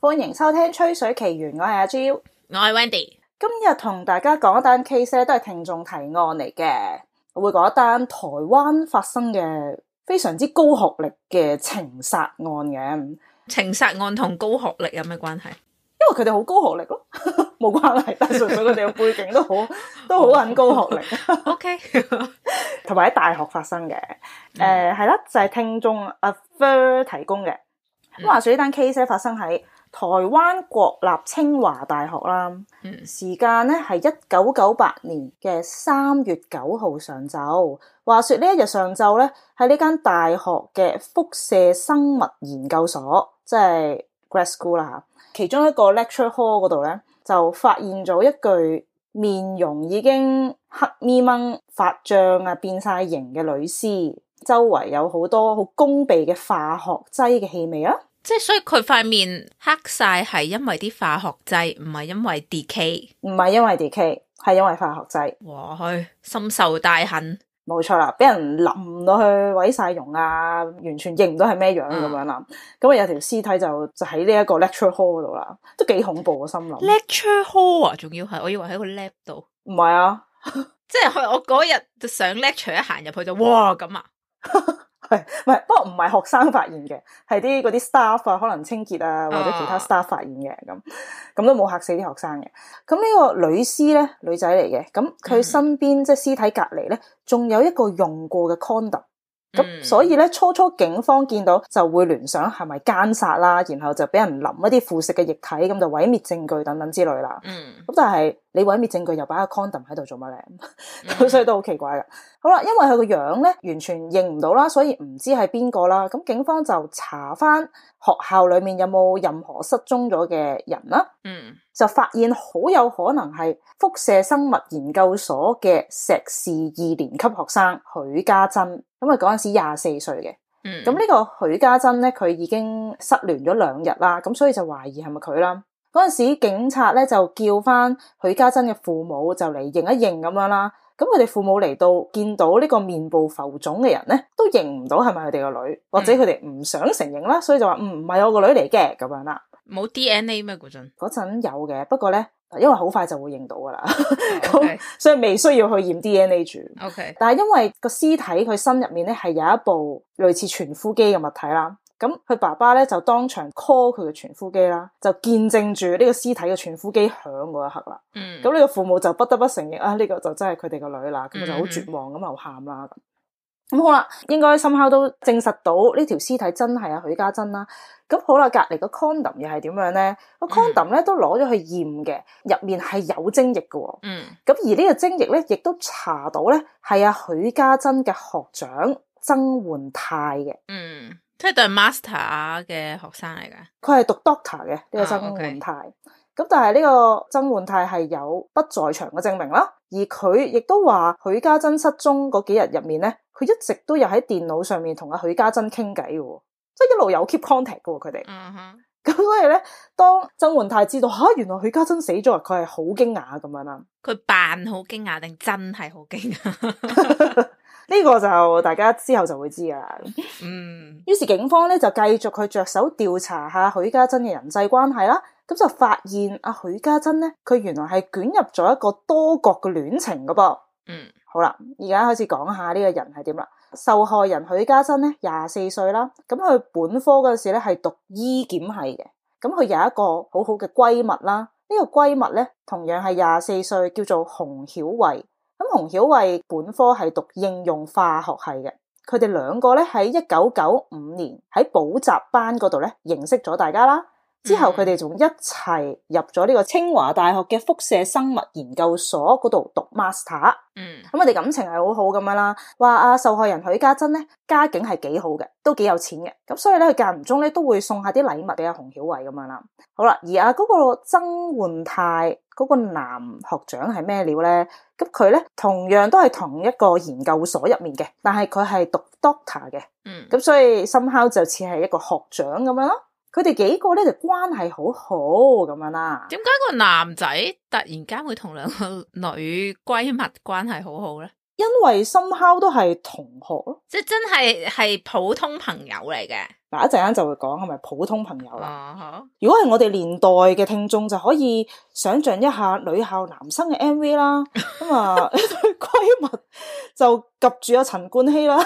歡迎收聽《吹水奇懸》，我係阿蕉，我係 Wendy。今日同大家講一單 case，都係聽眾提案嚟嘅。會講一單台灣發生嘅非常之高學歷嘅情殺案嘅。情殺案同高學歷有咩關係？因為佢哋好高學歷咯。 冇關係，但係純粹佢哋嘅背景都好 都好好高學歷。OK，同埋喺大學發生嘅，誒係啦，就係、是、聽眾阿 Ver 提供嘅。咁、mm. 話說呢單 case 咧發生喺台灣國立清華大學啦，mm. 時間咧係一九九八年嘅三月九號上晝。話說呢一日上晝咧喺呢間大學嘅輻射生物研究所，即係 grad school 啦，其中一個 lecture hall 嗰度咧。就發現咗一具面容已經黑咪掹、發脹啊、變晒形嘅女屍，周圍有好多好攻鼻嘅化學劑嘅氣味啊！即係所以佢塊面黑晒係因為啲化學劑，唔係因為 decay 唔係因為 decay 係因為化學劑。哇去，深受大恨。冇錯啦，俾人淋到去毀晒容啊，完全認唔到係咩樣咁、啊、樣啦。咁啊有條屍體就就喺呢一個 lecture hall 度啦，都幾恐怖個心諗。lecture hall 啊，仲要係，我以為喺個 lab 度。唔係是啊， 即係我嗰日就上 lecture 一行入去就哇咁啊。 係，唔係，不過唔係學生發現嘅，係啲嗰啲 staff 啊，可能清潔啊或者其他 staff 發現嘅，咁咁都冇嚇死啲學生嘅。咁呢個女屍咧，女仔嚟嘅，咁佢身邊即係屍體隔離咧，仲有一個用過嘅 condom。咁、嗯、所以咧，初初警方見到就會聯想係咪奸殺啦，然後就俾人淋一啲腐蝕嘅液體，咁就毀滅證據等等之類啦。咁、嗯、但係你毀滅證據又，又擺個 condom 喺度做乜咧？咁所以都好奇怪㗎。好啦，因為佢個樣咧，完全認唔到啦，所以唔知係邊個啦。咁警方就查翻。學校裏面有冇任何失蹤咗嘅人啦？嗯，mm. 就發現好有可能係輻射生物研究所嘅碩士二年級學生許家珍，咁啊嗰陣時廿四歲嘅。嗯，咁呢個許家珍咧，佢已經失聯咗兩日啦，咁所以就懷疑係咪佢啦。嗰陣時警察咧就叫翻許家珍嘅父母就嚟認一認咁樣啦。咁佢哋父母嚟到見到呢個面部浮腫嘅人咧，都認唔到係咪佢哋個女，或者佢哋唔想承認啦，所以就話唔係我個女嚟嘅咁樣啦。冇 D N A 咩？嗰陣嗰陣有嘅，不過咧，因為好快就會認到噶啦，咁所以未需要去驗 D N A 住。OK，但係因為個屍體佢心入面咧係有一部類似傳呼機嘅物體啦。咁佢爸爸咧就當場 call 佢嘅傳呼機啦，就見證住呢個屍體嘅傳呼機響嗰一刻啦。嗯，咁呢個父母就不得不承認啊，呢個就真係佢哋個女啦。咁就好絕望咁，就喊啦。咁好啦，應該 somehow 都證實到呢條屍體真係阿許家珍啦。咁好啦，隔籬個 condom 又係點樣咧？個 condom 咧都攞咗去驗嘅，入面係有精液嘅。嗯，咁而呢個精液咧，亦都查到咧係阿許家珍嘅學長曾煥泰嘅。嗯。佢係讀 master 嘅學生嚟嘅，佢係讀 doctor 嘅呢、這個曾煥泰。咁、oh, okay. 但係呢個曾煥泰係有不在場嘅證明啦，而佢亦都話許家珍失蹤嗰幾日入面咧，佢一直都有喺電腦上面同阿許家珍傾偈嘅，即係一路有 keep contact 嘅。佢哋，咁所以咧，當曾煥泰知道吓、啊，原來許家珍死咗，佢係好驚訝咁樣啦。佢扮好驚訝定真係好驚訝？ 呢個就大家之後就會知噶啦。嗯，於是警方咧就繼續去着手調查下許家珍嘅人際關係啦。咁就發現阿、啊、許家珍咧，佢原來係捲入咗一個多角嘅戀情噶噃。嗯，好啦，而家開始講下呢個人係點啦。受害人許家珍咧，廿四歲啦。咁佢本科嗰陣時咧係讀醫檢系嘅。咁佢有一個好好嘅閨蜜啦。呢、這個閨蜜咧，同樣係廿四歲，叫做洪曉慧。咁洪曉慧本科係讀應用化學系嘅，佢哋兩個咧喺一九九五年喺補習班嗰度咧認識咗大家啦。之後佢哋仲一齊入咗呢個清華大學嘅輻射生物研究所嗰度讀 master，咁佢哋感情係好好咁樣啦。話啊受害人許家珍咧家境係幾好嘅，都幾有錢嘅，咁所以咧佢間唔中咧都會送下啲禮物俾阿洪曉慧咁樣啦。好啦，而啊嗰個曾煥泰嗰個男學長係咩料咧？咁佢咧同樣都係同一個研究所入面嘅，但係佢係讀 doctor 嘅，咁、嗯、所以 somehow 就似係一個學長咁樣咯。佢哋幾個咧就關係好好咁樣啦、啊。點解個男仔突然間會同兩個女閨蜜關係好好咧？因為 somehow 都係同學，即係真係係普通朋友嚟嘅。嗱，一陣間就會講係咪普通朋友啦。Uh huh. 如果係我哋年代嘅聽眾，就可以想象一下女校男生嘅 MV 啦。咁啊，閨蜜就夾住阿陳冠希啦。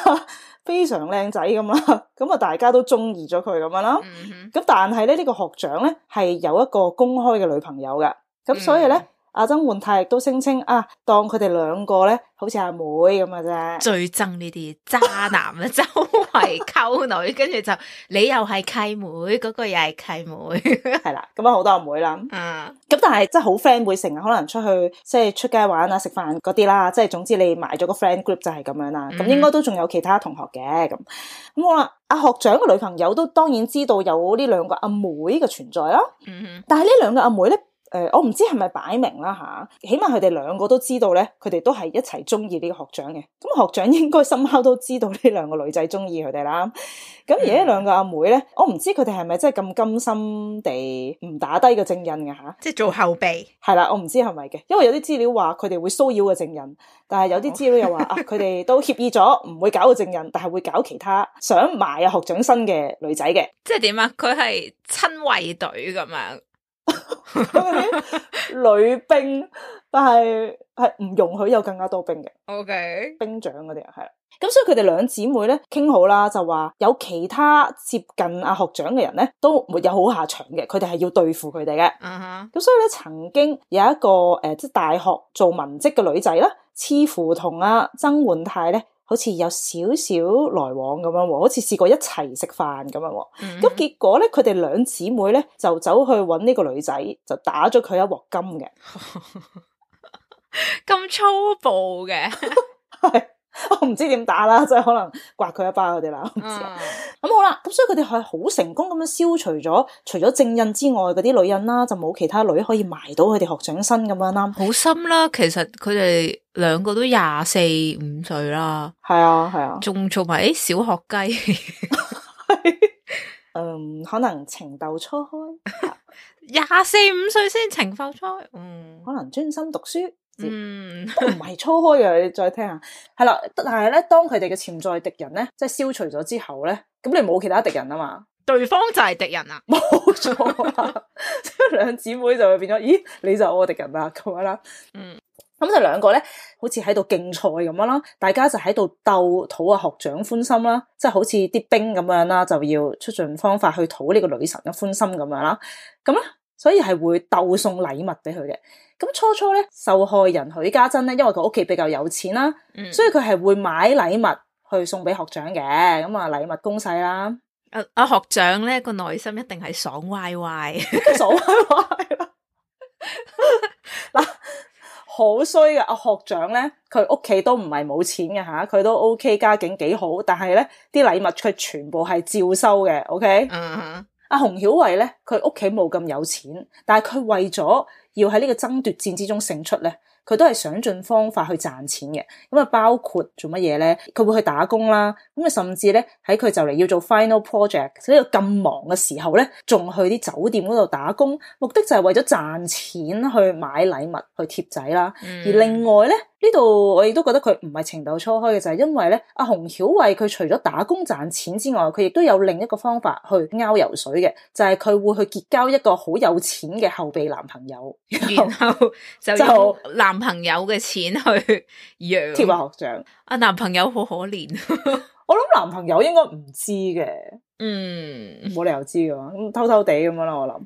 非常靚仔咁啦，咁啊大家都中意咗佢咁樣啦，咁、mm hmm. 但係咧呢、呢個學長咧係有一個公開嘅女朋友嘅，咁所以咧。Mm hmm. 阿曾煥泰亦都聲稱啊，當佢哋兩個咧，好似阿妹咁嘅啫。最憎呢啲渣男啊， 周圍溝女，跟住就你又係契妹，嗰、嗰個又係契妹，係 啦，咁啊好多阿妹啦。咁、啊、但係即係好 friend 會成日可能出去，即係出街玩啊、食飯嗰啲啦。即係總之你埋咗個 friend group 就係咁樣啦。咁、嗯、應該都仲有其他同學嘅咁。咁我阿學長嘅女朋友都當然知道有呢兩個阿妹嘅存在咯。嗯、哼但係呢兩個阿妹咧。誒、呃，我唔知係咪擺明啦吓，起碼佢哋兩個都知道咧，佢哋都係一齊中意呢個學長嘅。咁、嗯、學長應該深刻都知道呢兩個女仔中意佢哋啦。咁、嗯、而兩妹妹呢兩個阿妹咧，我唔知佢哋係咪真係咁甘心地唔打低個正印噶吓，啊、即係做後備係啦。我唔知係咪嘅，因為有啲資料話佢哋會騷擾個正印，但係有啲資料又話 啊，佢哋都協議咗唔會搞個正印，但係會搞其他想埋學長身嘅女仔嘅。即係點啊？佢係親衛隊咁樣。 女兵，但係係唔容許有更加多兵嘅。O Okay . K，兵長嗰啲啊，係咁所以佢哋兩姊妹咧傾好啦，就話有其他接近阿學長嘅人咧，都沒有好下場嘅。佢哋係要對付佢哋嘅。咁、uh huh. 所以咧，曾經有一個誒，即、呃、係大學做文職嘅女仔啦，似乎同阿、啊、曾煥泰咧。好似有少少來往咁樣喎，好似試過一齊食飯咁樣喎，咁、mm hmm. 結果咧，佢哋兩姊妹咧就走去搵呢個女仔，就打咗佢一鑊金嘅，咁 粗暴嘅 係。 我唔知點打啦，即、就、係、是、可能刮佢一巴佢哋啦。咁、嗯、 好啦，咁所以佢哋係好成功咁樣消除咗，除咗正印之外嗰啲女人啦，就冇其他女可以埋到佢哋學長身咁樣啦。好深啦，其實佢哋兩個都廿四五歲啦，係啊係啊，仲做埋小學雞。嗯，可能情竇初開，廿四五歲先情竇初開，嗯，可能專心讀書。嗯，都唔係初開嘅，你再聽下，係啦。但係咧，當佢哋嘅潛在敵人咧，即係消除咗之後咧，咁你冇其他敵人啊嘛，對方就係敵人啦，冇錯。即係兩姊妹就會變咗，咦，你就我敵人啦咁樣啦。嗯，咁就兩個咧，好似喺度競賽咁樣啦，大家就喺度鬥討吓學長歡心啦，即係好似啲兵咁樣啦，就要出盡方法去討呢個女神嘅歡心咁樣啦。咁咧，所以係會鬥送禮物俾佢嘅。咁初初咧，受害人許家珍咧，因為佢屋企比較有錢啦、啊，嗯、所以佢係會買禮物去送俾學長嘅，咁啊禮物攻勢啦。阿阿、啊啊、學長咧個內心一定係爽歪歪，爽歪歪啦。嗱、啊，好衰嘅阿學長咧，佢屋企都唔係冇錢嘅吓，佢都 O、OK, K，家境幾好，但係咧啲禮物佢全部係照收嘅，O K。OK? 嗯阿哼、啊、洪曉慧咧，佢屋企冇咁有錢，但係佢為咗。要喺呢個爭奪戰之中勝出咧，佢都係想盡方法去賺錢嘅。咁啊，包括做乜嘢咧？佢會去打工啦。咁啊，甚至咧喺佢就嚟要做 final project 呢個咁忙嘅時候咧，仲去啲酒店嗰度打工，目的就係為咗賺錢去買禮物去貼仔啦。而另外咧。嗯呢度我亦都覺得佢唔係情竇初開嘅，就係、是、因為咧，阿洪曉慧佢除咗打工賺錢之外，佢亦都有另一個方法去鈎油水嘅，就係、是、佢會去結交一個好有錢嘅後備男朋友，然後就用男朋友嘅錢去養天華學長，阿男朋友好可憐。 我諗男朋友應該唔知嘅，嗯，冇理由知㗎，咁偷偷哋咁樣啦。我諗，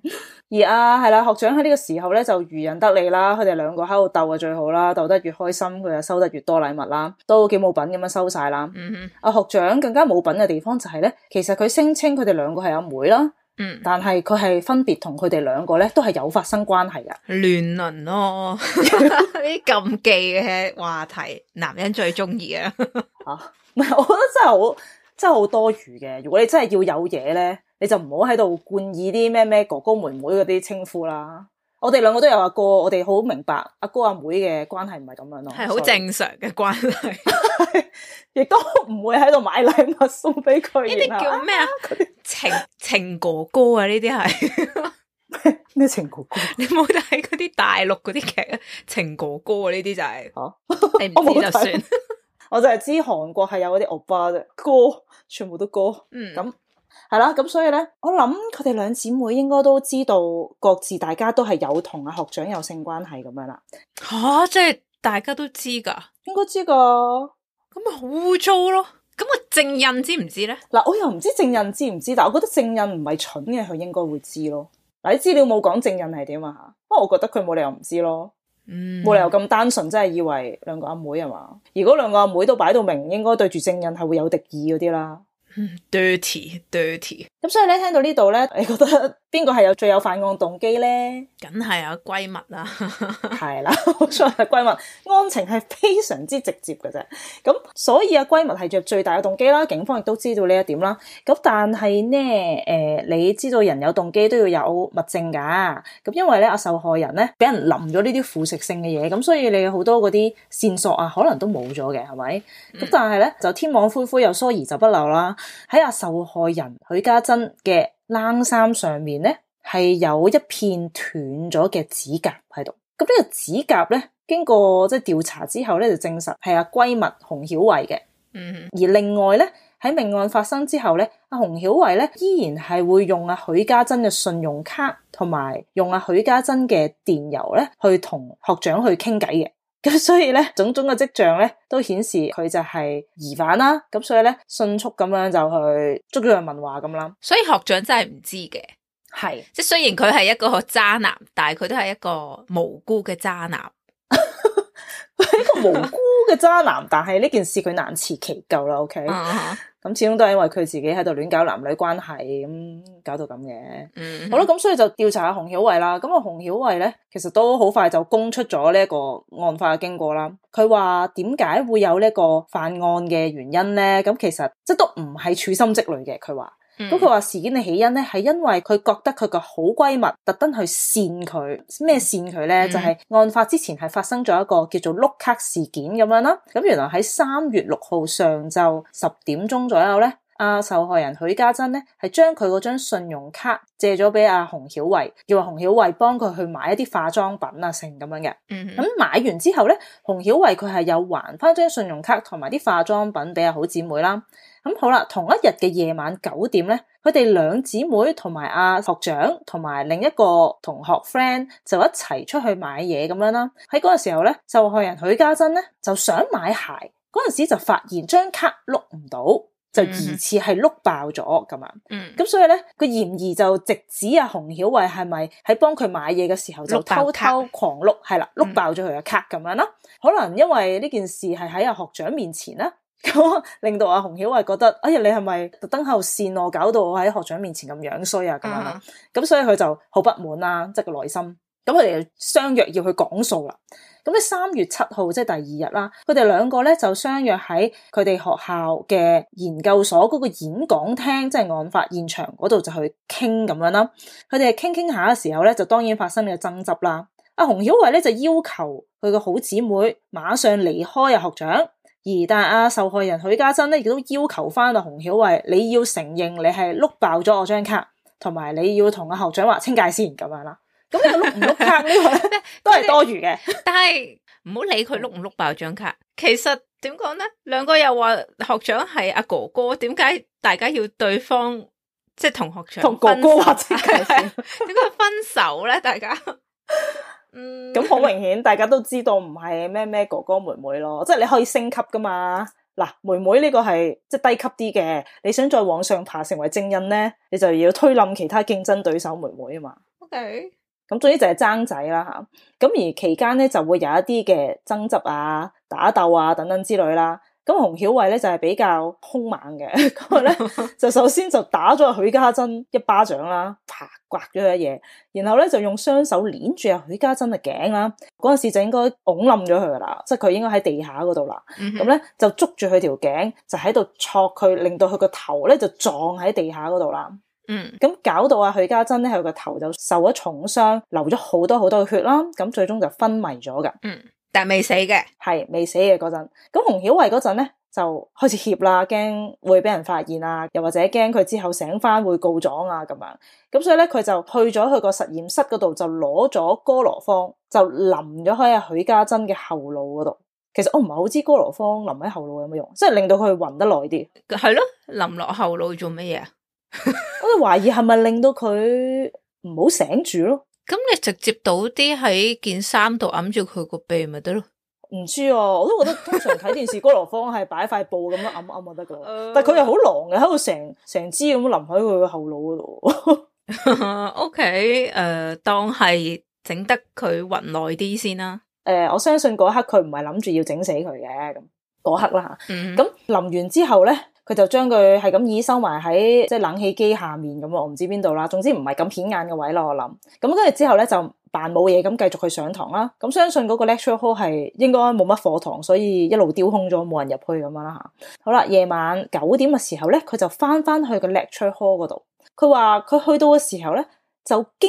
而阿係啦，學長喺呢個時候咧就漁人得利啦。佢哋兩個喺度鬥啊，最好啦，鬥得越開心，佢就收得越多禮物啦，都幾冇品咁樣收晒啦。嗯哼，阿學長更加冇品嘅地方就係咧，其實佢聲稱佢哋兩個係阿妹，妹啦，嗯，但係佢係分別同佢哋兩個咧都係有發生關係㗎，亂倫咯，啲 禁忌嘅話題，男人最中意啊。 唔係，我覺得真係好，真係好多餘嘅。如果你真係要有嘢咧，你就唔好喺度冠以啲咩咩哥哥妹妹嗰啲稱呼啦。我哋兩個都有阿哥，我哋好明白阿哥阿妹嘅關係唔係咁樣咯，係好是以正常嘅關係，亦 都唔會喺度買禮物送俾佢。呢啲叫咩啊？ 情情哥哥啊，呢啲係咩情哥哥？你冇睇嗰啲大陸嗰啲劇啊？情哥哥啊，呢啲、 啊、就係、是，啊、你唔知就算。 我就係知韓國係有嗰啲歐巴啫，歌全部都歌，咁係啦，咁所以咧，我諗佢哋兩姊妹應該都知道各自大家都係有同阿學，學長有性關係咁樣啦。吓、啊，即係大家都知噶，應該知噶，咁咪好污糟咯。咁個正印知唔知咧？嗱，我又唔知正印知唔知，但係我覺得正印唔係蠢嘅，佢應該會知咯。嗱、啊，啲資料冇講正印係點啊吓，不過我覺得佢冇理由唔知咯。冇理由咁單純，真係以為兩個阿妹係嘛？如果兩個阿妹，妹都擺到明，應該對住證人係會有敵意嗰啲啦。 dirty dirty，咁所以咧，聽到呢度咧，你覺得？邊個係有最有犯案動機咧？梗係啊，閨蜜啦，係啦，冇錯係閨蜜。案情係非常之直接嘅啫，咁所以啊，閨蜜係着最大嘅動機啦。警方亦都知道呢一點啦。咁但係咧，誒，你知道人有動機都要有物證㗎。咁因為咧，阿受害人咧俾人淋咗呢啲腐蝕性嘅嘢，咁所以你好多嗰啲線索啊，可能都冇咗嘅，係咪？咁、嗯、但係咧，就天網恢恢，又疏而就不漏啦。喺阿受害人許家珍嘅。冷衫上面咧係有一片斷咗嘅指甲喺度，咁、這、呢個指甲咧經過即係調查之後咧就證實係阿、啊、閨蜜洪曉慧嘅。嗯哼，而另外咧喺命案發生之後咧，阿洪曉慧咧依然係會用阿、啊、許家珍嘅信用卡同埋用阿、啊、許家珍嘅電郵咧去同學長去傾偈嘅。咁所以咧，種種嘅跡象咧，都顯示佢就係疑犯啦。咁所以咧，迅速咁樣就去捉住佢問話咁啦。所以學長真係唔知嘅，係是即係雖然佢係一個渣男，但係佢都係一個無辜嘅渣男。佢係 一個無辜嘅渣男，但係呢件事佢難辭其咎啦。OK，咁、uh huh. 始終都係因為佢自己喺度亂搞男女關係，咁、嗯、搞到咁嘅。Uh huh. 好啦，咁所以就調查下洪曉慧啦。咁啊，洪曉慧咧，其實都好快就供出咗呢一個案發嘅經過啦。佢話點解會有呢個犯案嘅原因咧？咁其實即係都唔係處心積慮嘅。佢話。咁佢話事件嘅起因咧，係因為佢覺得佢個好閨密特登去扇佢，咩扇佢咧？嗯、就係案發之前係發生咗一個叫做碌卡事件咁樣啦、啊。咁原來喺三月六號上晝十點鐘左右咧，阿受害人許家珍咧係將佢嗰張信用卡借咗俾阿洪曉慧，叫話洪曉慧幫佢去買一啲化妝品啊，成咁樣嘅。咁買完之後咧，洪曉慧佢係有還翻張信用卡同埋啲化妝品俾阿好姊妹啦、啊。咁好啦，同一日嘅夜晚九點咧，佢哋兩姊妹同埋阿學長同埋另一個同學 friend 就一齊出去買嘢咁樣啦、啊。喺嗰個時候咧，受害人許家珍咧就想買鞋，嗰陣時就發現張卡碌唔到，就疑似係碌爆咗咁啊。咁、mm hmm. 所以咧，佢嫌疑就直指阿洪曉慧係咪喺幫佢買嘢嘅時候就偷偷狂碌，係啦碌爆咗佢嘅卡咁樣啦、啊。可能因為呢件事係喺阿學長面前啦。咁令到阿洪曉慧覺得哎呀，你係咪特登後線我，搞到我喺學長面前咁樣衰啊，咁樣，咁、uh huh. 所以佢就好不滿啦，即係個內心。咁佢哋又相約要去講數啦。咁喺三月七號即係第二日啦，佢哋兩個咧就相約喺佢哋學校嘅研究所嗰個演講廳，即係案發現場嗰度就去傾咁樣啦。佢哋係傾傾下嘅時候咧，就當然發生呢個爭執啦。阿洪曉慧咧就要求佢個好姊妹馬上離開啊學長。而但係受害人許家珍咧亦都要求翻阿洪曉慧，你要承認你係碌爆咗我張卡，同埋你要同阿學長話清界先咁樣啦。咁你碌唔碌卡呢個 都係多餘嘅。 但係唔好理佢碌唔碌爆張卡。其實點講咧，兩個又話學長係阿哥哥，點解大家要對方即係同學長同哥哥話清界先？點解 分手咧？大家？ 咁好、嗯、明顯，大家都知道唔係咩咩哥哥妹妹咯，即係你可以升級噶嘛。嗱，妹妹呢個係即係低級啲嘅，你想再往上爬成為精英咧，你就要推冧其他競爭對手妹妹啊嘛。OK，咁總之就係爭仔啦吓，咁、啊、而期間咧就會有一啲嘅爭執啊、打鬥啊等等之類啦。咁洪曉慧咧就係、是、比較凶猛嘅，咁咧 就首先就打咗阿許家珍一巴掌啦，啪刮咗佢一嘢，然後咧就用雙手捏住阿許家珍嘅頸啦，嗰陣時就應該拱冧咗佢噶啦，即係佢應該喺地下嗰度啦，咁咧、mm hmm。就捉住佢條頸就喺度戳佢，令到佢個頭咧就撞喺地下嗰度啦，嗯、mm，咁、hmm。搞到阿許家珍咧佢個頭就受咗重傷，流咗好多好多，很多血啦，咁最終就昏迷咗噶。Mm hmm. 但係未死嘅，係未死嘅嗰陣。咁洪曉慧嗰陣咧，就開始怯啦，驚會俾人發現啊，又或者驚佢之後醒翻會告狀啊，咁樣。咁所以咧，佢就去咗佢個實驗室嗰度，就攞咗哥羅芳，就淋咗喺阿許家珍嘅後腦嗰度。其實我唔係好知哥羅芳淋喺後腦有冇用，即係 令到佢暈得耐啲。係咯，淋落後腦做乜嘢啊？我哋懷疑係咪令到佢唔好醒住咯？咁你直接倒啲喺件衫度揞住佢個鼻咪得咯？唔知啊，我都覺得通常睇電視哥羅芳係擺塊布咁樣揞揞就得噶，但係佢又好狼嘅，喺度成成支咁淋喺佢個後腦嗰度。OK，誒，當係整得佢暈耐啲先啦。誒，我相信嗰刻佢唔係諗住要整死佢嘅，咁嗰刻啦吓。咁淋完之後咧。佢就將佢係咁以收埋喺即係冷氣機下面咁咯，我唔知邊度啦。總之唔係咁顯眼嘅位咯，我諗。咁跟住之後咧，就扮冇嘢咁繼續去上堂啦。咁相信嗰個 lecture hall 係應該冇乜課堂，所以一路丟空咗，冇人入去咁樣啦吓。好啦，夜晚九點嘅時候咧，佢就翻翻去個 lecture hall 嗰度。佢話佢去到嘅時候咧，就驚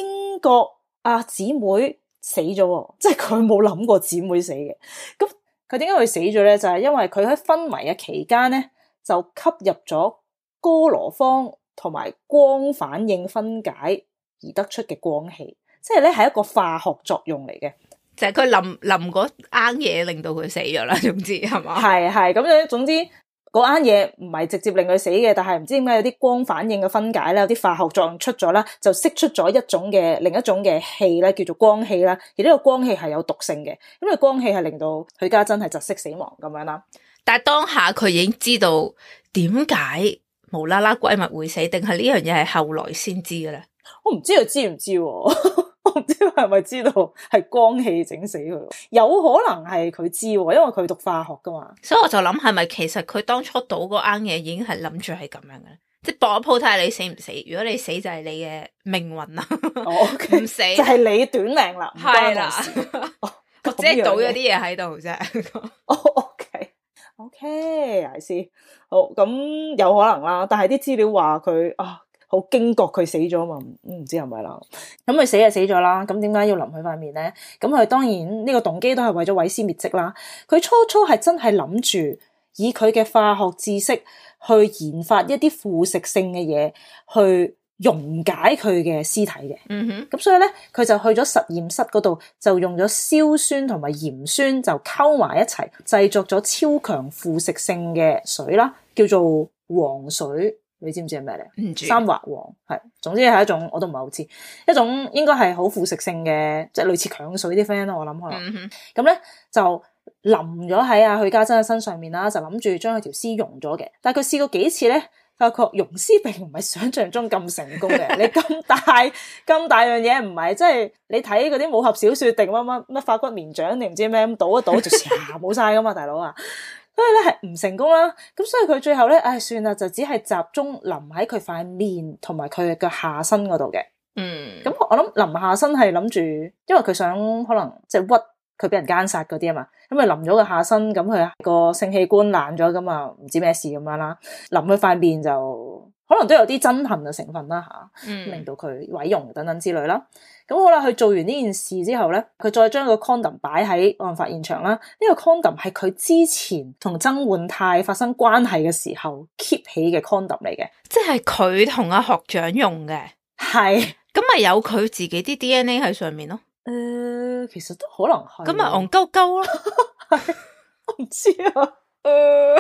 覺阿姊妹死咗，即係佢冇諗過姊妹死嘅。咁佢點解會死咗咧？就係因為佢喺昏迷嘅期間咧。就吸入咗哥羅芳同埋光反應分解而得出嘅光氣，即係咧係一個化學作用嚟嘅，就係佢淋淋嗰啲嘢令到佢死咗啦。總之係嘛，係係咁樣。總之嗰啲嘢唔係直接令佢死嘅，但係唔知點解有啲光反應嘅分解咧，有啲化學作用出咗啦，就釋出咗一種嘅另一種嘅氣咧，叫做光氣啦。而呢個光氣係有毒性嘅，咁個光氣係令到許家珍係窒息死亡咁樣啦。但係當下佢已經知道點解無啦啦閨蜜會死，定係呢樣嘢係後來先知嘅咧？我唔知佢知唔知，我唔知係咪知道係 光氣整死佢，有可能係佢知，因為佢讀化學噶嘛。所以我就諗係咪其實佢當初倒嗰啱嘢已經係諗住係咁樣嘅咧，即係搏一鋪睇下你死唔死。如果你死就係你嘅命運啦，唔、 oh, okay. 死就係你短命啦，係啦，即係倒咗啲嘢喺度啫。OK, I see。好，咁有可能啦，但係啲資料話佢啊好驚覺佢死咗嘛，唔、嗯、知係咪啦？咁佢死就死咗啦，咁點解要淋佢塊面咧？咁佢當然呢、這個動機都係為咗毀屍滅跡啦。佢初初係真係諗住以佢嘅化學知識去研發一啲腐蝕性嘅嘢去溶解佢嘅屍體嘅，咁、嗯、哼所以咧，佢就去咗實驗室嗰度，就用咗硝酸同埋鹽酸就溝埋一齊，製作咗超強腐蝕性嘅水啦，叫做黃水。你知唔知係咩嚟？嗯、哼三華黃係，總之係一種，我都唔係好知，一種應該係好腐蝕性嘅，即係類似強水啲 friend 咯。我諗可能咁咧就淋咗喺阿許家珍嘅身上面啦，就諗住將佢條屍溶咗嘅。但係佢試過幾次咧？的確，溶屍並唔係想象中咁成功嘅。你咁大咁 大樣嘢唔係，即係你睇嗰啲武俠小說定乜乜乜化骨綿掌你唔知咩咁賭一賭，就一下冇晒噶嘛，大佬啊！所以咧係唔成功啦。咁所以佢最後咧，唉、哎，算啦，就只係集中淋喺佢塊面同埋佢嘅下身嗰度嘅。嗯。咁我諗淋下身係諗住，因為佢想可能即係、就是、屈。佢俾人奸殺嗰啲啊嘛，咁佢淋咗個下身，咁佢個性器官爛咗，咁啊唔知咩事咁樣啦。淋佢塊面就可能都有啲憎恨嘅成分啦吓，嗯、令到佢毀容等等之類啦。咁好啦，佢做完呢件事之後咧，佢再將個 condom 擺喺案發現場啦。呢、這個 condom 係佢之前同曾煥泰發生關係嘅時候 keep 起嘅 condom 嚟嘅，即係佢同阿學長用嘅，係咁咪有佢自己啲 DNA 喺上面咯。誒、呃，其實都可能係咁啊，戇鳩鳩啦，係 唔樂 知啊，誒、呃，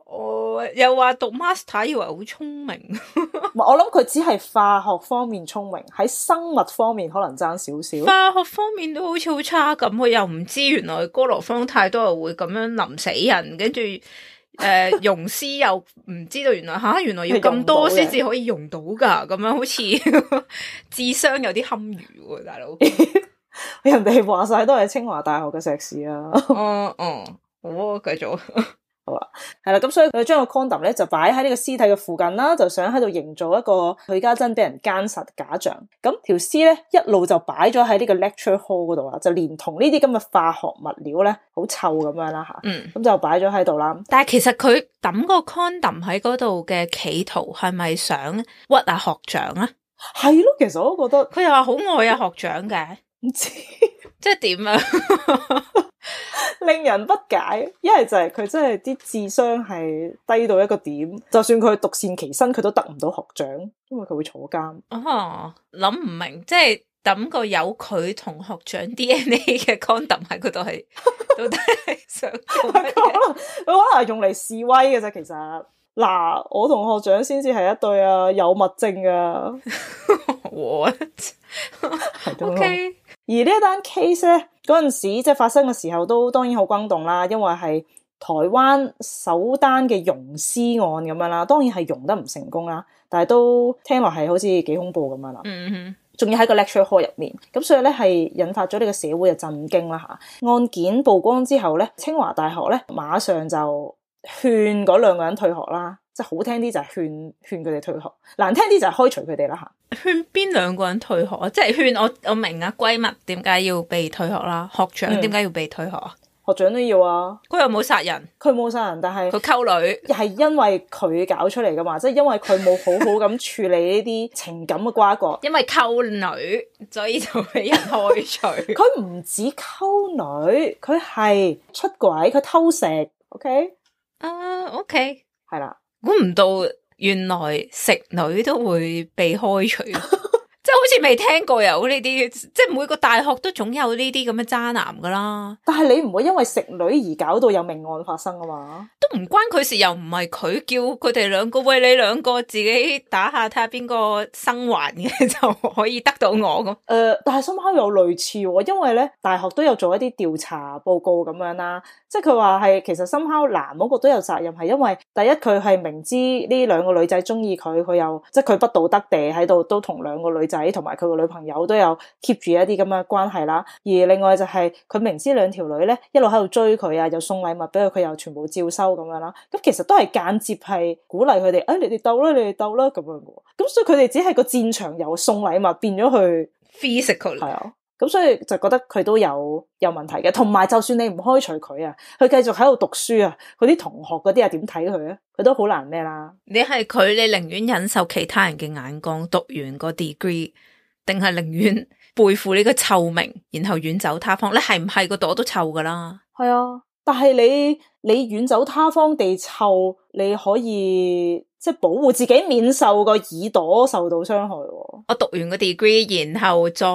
我又話讀 Master 以為好聰明， 我諗佢只係化學方面聰明，喺生物方面可能爭少少。化學方面都好似好差咁，佢又唔知原來哥羅芳太多人會咁樣冧死人，跟住。誒，溶屍、 呃、又唔知道，原來吓、啊，原來要咁多先至可以溶到噶，咁樣好似 智商有啲堪虞喎、啊，大佬。 人哋話晒都係清華大學嘅碩士啊。哦，嗯，好，繼續。 係啦，咁、啊、所以佢將個 condom 咧就擺喺呢個屍體嘅附近啦，就想喺度營造一個許嘉真俾人姦殺假象。咁條屍咧一路就擺咗喺呢個 lecture hall 嗰度啦，就連同呢啲咁嘅化學物料咧，好臭咁樣啦吓。嗯，咁就擺咗喺度啦。但係其實佢抌個 condom 喺嗰度嘅企圖係咪想屈啊學長咧？係咯，其實我都覺得佢又話好愛啊學長嘅。唔知。即係點啊？ 令人不解，因為就係佢真係啲智商係低到一個點，就算佢獨善其身，佢都得唔到學長，因為佢會坐監。哦、啊，諗唔明，即係抌個有佢同學長 DNA 嘅 Condom 喺嗰度係，到底係 想佢 可能係用嚟示威嘅啫。其實嗱，我同學長先至係一對啊，有物證啊。What？OK。而呢一單 case 咧，嗰陣時即係發生嘅時候都當然好轟動啦，因為係台灣首單嘅溶屍案咁樣啦，當然係融得唔成功啦，但係都聽落係好似幾恐怖咁樣啦。嗯哼，仲要喺個 lecture hall 入面，咁所以咧係引發咗呢個社會嘅震驚啦吓、啊。案件曝光之後咧，清華大學咧馬上就勸嗰兩個人退學啦。即係好聽啲就係勸勸佢哋退學，難聽啲就係開除佢哋啦吓。勸邊兩個人退學啊？即係勸我我明啊，閨蜜點解要被退學啦？學長點解要被退學啊？嗯、學長都要啊？佢又冇殺人？佢冇殺人，但係佢溝女又係因為佢搞出嚟噶嘛？即係因為佢冇好好咁處理呢啲情感嘅瓜葛。 因為溝女，所以就俾人開除 佢唔止溝女，佢係出軌，佢偷食。OK？啊、uh, OK？係啦。 估唔到，原來食女都會被開除。 即係好似未聽過有呢啲，即係每個大學都總有呢啲咁嘅渣男噶啦。但係你唔會因為食女而搞到有命案發生啊嘛？都唔關佢事，又唔係佢叫佢哋兩個喂，你兩個自己打下睇下邊個生還嘅 就可以得到我咁，誒、 呃，但係深烤有類似、哦，因為咧大學都有做一啲調查報告咁樣啦。即係佢話係其實深烤男嗰個都有責任，係因為第一佢係明知呢兩個女仔中意佢，佢又即係佢不道德地喺度都同兩個女仔。仔同埋佢個女朋友都有 keep 住一啲咁嘅關係啦，而另外就係、是、佢明知兩條女咧一路喺度追佢啊，又送禮物俾佢，佢又全部照收咁樣啦，咁其實都係間接係鼓勵佢哋，誒、哎，你哋鬥啦，你哋鬥啦咁樣嘅，咁所以佢哋只係個戰場由送禮物變咗去 physical 係啊、嗯。咁所以就覺得佢都有有問題嘅，同埋就算你唔開除佢啊，佢繼續喺度讀書啊，佢啲同學嗰啲又點睇佢咧？佢都好難咩啦？你係佢，你寧願忍受其他人嘅眼光，讀完個 degree，定係寧願背負呢個臭名，然後遠走他方？你係唔係個朵都臭噶啦？係啊，但係你你遠走他方地臭，你可以即係保護自己免受個耳朵受到傷害啊。我讀完個 degree，然後再。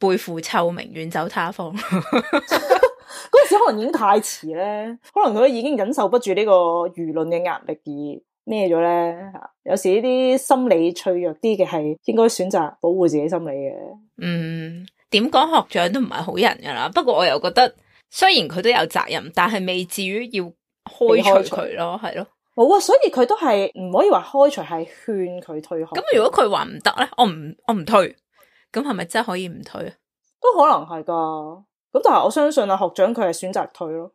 背負臭名，遠走他方。嗰 陣 時可能已經太遲咧，可能佢已經忍受不住呢個輿論嘅壓力而咩咗咧。吓，有時呢啲心理脆弱啲嘅係應該選擇保護自己心理嘅。嗯，點講學長都唔係好人噶啦，不過我又覺得雖然佢都有責任，但係未至於要開除佢咯，係咯。冇啊，所以佢都係唔可以話開除，係勸佢退學。咁如果佢話唔得咧，我唔我唔退？咁係咪真係可以唔退啊？都可能係噶，咁但係我相信阿、啊、學長佢係選擇退咯。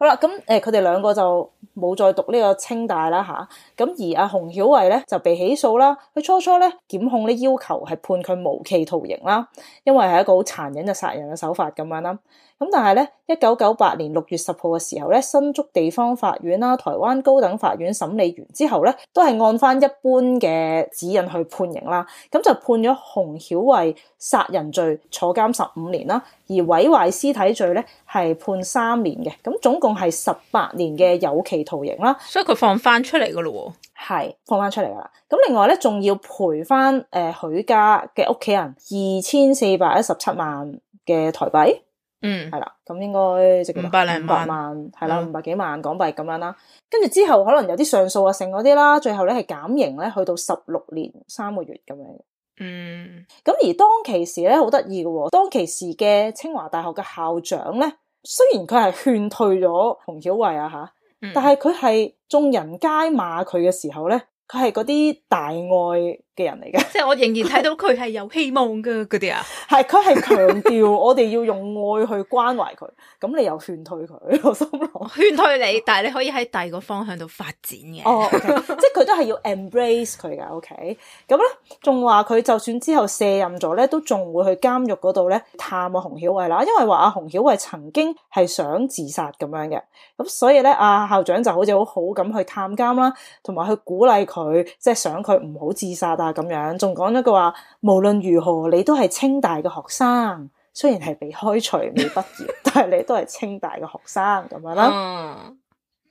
好啦，咁誒，佢、呃、哋兩個就冇再讀呢個清大啦吓。咁、啊、而阿、啊、洪曉慧咧就被起訴啦。佢初初咧檢控咧要求係判佢無期徒刑啦，因為係一個好殘忍嘅殺人嘅手法咁樣啦。咁但係咧。一九九八年六月十號嘅時候咧，新竹地方法院啦，台灣高等法院審理完之後咧，都係按翻一般嘅指引去判刑啦。咁就判咗洪曉慧殺人罪坐監十五年啦，而毀壞屍體罪咧係判三年嘅，咁總共係十八年嘅有期徒刑啦。所以佢放翻出嚟噶咯，係放翻出嚟噶啦。咁另外咧，仲要賠翻誒許家嘅屋企人二千四百一十七萬嘅台幣。嗯，係啦，咁應該即係五百零五百萬，係啦，五百幾萬，了、嗯、萬港幣咁樣啦。跟住之後可能有啲上訴啊，剩嗰啲啦，最後咧係減刑咧，去到十六年三個月咁樣。嗯，咁而當其時咧，好得意嘅，當其時嘅清華大學嘅校長咧，雖然佢係勸退咗洪曉慧啊吓，但係佢係眾人皆罵佢嘅時候咧，佢係嗰啲大愛嘅人嚟嘅，即係我仍然睇到佢係有希望嘅嗰啲啊，係佢係強調我哋要用愛去關懷佢，咁 你又勸退佢，我心諗我勸 退你，但係你可以喺第二個方向度發展嘅，哦、 oh, okay.，即係佢都係要 embrace 佢噶，OK，咁咧仲話佢就算之後卸任咗咧，都仲會去監獄嗰度咧探阿洪曉偉啦，因為話阿洪曉慧曾經係想自殺咁樣嘅，咁所以咧阿校長就好似好好咁去探監啦，同埋去鼓勵佢，即係想佢唔好自殺啊。咁樣，仲講咗句話，無論如何你都係清大嘅學生，雖然係被開除未畢業， 但係你都係清大嘅學生咁樣！咯、嗯，